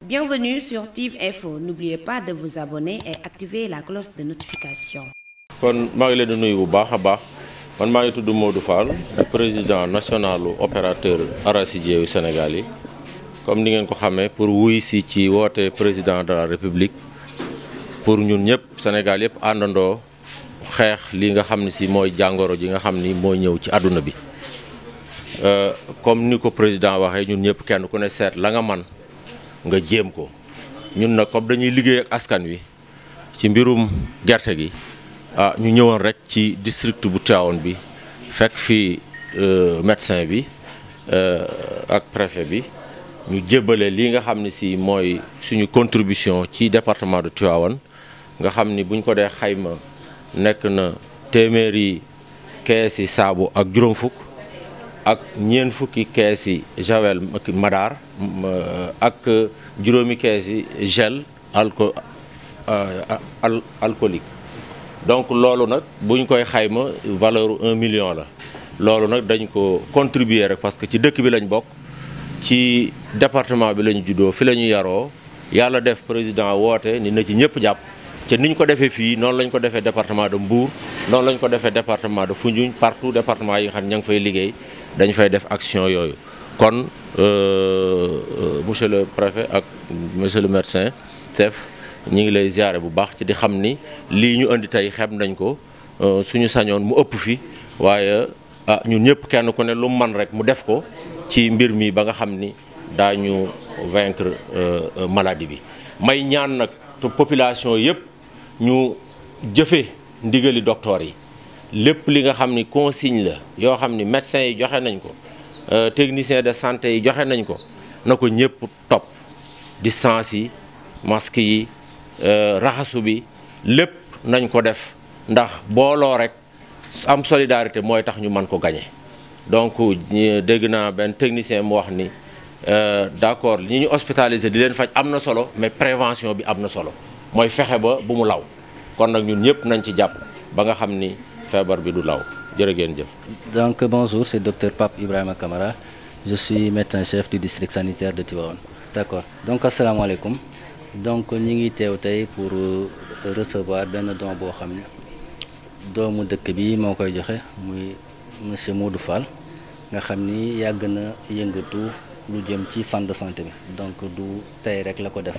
Bienvenue sur TIV Info n'oubliez pas de vous abonner et activer la cloche de notification. Bon maa ngi leen di nuyu bu baax a baax man maa ngi Modou Fall di président nationalu opérateur arachidier yu Sénégal yi comme ni ngeen ko xamee pour wuy si ci woote président de la République pour ñun ñëpp Sénégal yëpp àndandoo xeex li nga xam ne si mooy jàngoro ji nga xam ni mooy ci àdduna bi euh, comme ni ko président waxee ñun ñëpp kenn ku ne seet la nga man nga jéem ko ñun nag comme dañuy liggéey ak askan wi ci mbirum gerte gi ah ñu ñëwoon rek ci district bu Tivaouane bi fekk fii euh, médecin bi euh, ak préfet bi ñu jébbale lii nga xam ne si mooy suñu contribution ci département de Tivaouane nga xam ni buñ ko dee xayma nekk na téeméeri kees yi saabu ak juróom fukk ak ñeent fukki kees yi javel madaar euh, ak juróomi kees yi gel alco euh, al donc loolu nag buñ koy xayma valeur un million la loolu nag dañ ko contribuer rek parce que ci dëkk bi lañu bokk ci département bi lañ juddoo fi la ñu yaroo yàlla def président woote ni na ci ñëpp jàpp ca ni ñu ko defee fii noonu la ñu ko defee département de Mbour noonu la ko defee département de Foundiougne partout département yi nga xam ngi fay liggéey dañu fay def action yooyu kon euh, euh, monsieur le préfet ak monsieur le médecin chef ñu ngi lay ziare bu baax ci di xam ni lii ñu indi tey xem nañ ko euh, suñu sañoon mu ëpp fii waaye ah ñun ñëpp kenn ku ne lu man rek mu def ko ci mbir mi ba nga xam ni daañu vaincre maladie bi may ñaan nag population yëpp. ñu jëfe ndigali docteur yi lépp li nga xam ni consigne la yoo xam ni médecins yi joxe nañ ko euh, technicien de santé yi joxe nañ ko na ko ñëpp topp distance yi masque yi euh, raxasu bi lépp nañ ko def ndax booloo rek am solidarité mooy tax ñu mën ko gañe donc dégg naa benn technicien mu wax ni euh, d'accord li ñu hospitalisé di leen faj am na solo mais prévention bi am na solo moy fexe ba bu mu law kon nak ñun ñëpp nañ ci japp ba nga xamni ni bi du law jërë jëf. donc bonjour c'est docteur Pape Ibrahima Camara je suis médecin chef du district sanitaire de Tivaouane. d'accord donc asalaamaaleykum donc ñi ngi teew tay pour euh, recevoir benn don bo xamni doomu dëkk bi mo koy joxé muy monsieur Modou Fall nga xamni ni na yëngatu lu jëm ci centre de santé bi donc du tay rek la ko def.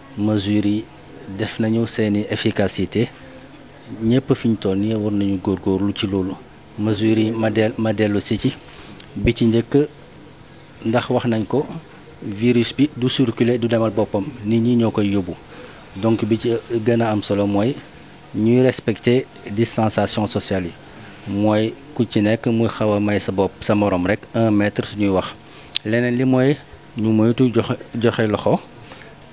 mesures yi def nañu seeni efficacité ñëpp fi ñu toll nii war nañu góorgóorlu ci loolu mesures yi ma del ma dellu si ci bi ci njëkk ndax wax nañ ko virus bi du circuler du demal boppam nit ñi ñoo koy yóbbu donc bi ci gën a am solo mooy ñuy respecter distanciation sociale yi mooy ku ci nekk muy xaw a may sa bopp sa moroom rek un mètre suñuy wax leneen li mooy ñu moytu joxe joxe loxo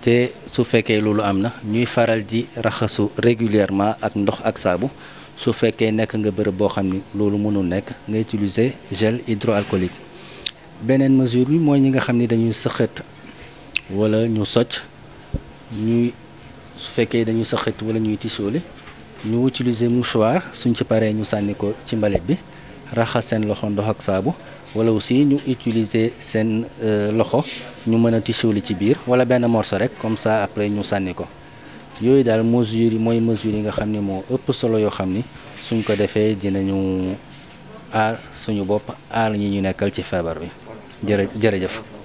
te su fekkee loolu am na ñuy faral di raxasu régulièrement ak ndox ak saabu su fekkee nekk nga bërëb boo xam ni loolu mënul nekk nga utiliser gel hydroalcoolique beneen mesure bi mooy ñi nga xam ni dañuy sëqët wala ñu socc ñuy su fekkee dañuy sëqët wala ñuy tisooli ñu utiliser mouchoir suñ ci paree ñu sànni ko ci mbalet bi raxas seen loxo ndox ak saabu wala aussi ñu utiliser seen euh, loxo ñu mën a tissu li ci biir wala benn morceau rek comme ça après ñu sànni ko yooyu daal mesures yi mooy mesures yi nga xam ni moo ëpp solo yoo xam ni suñ ko defee dinañu aar suñu bopp aar ñi ñu nekkal ci feebar bi jërë jërëjëf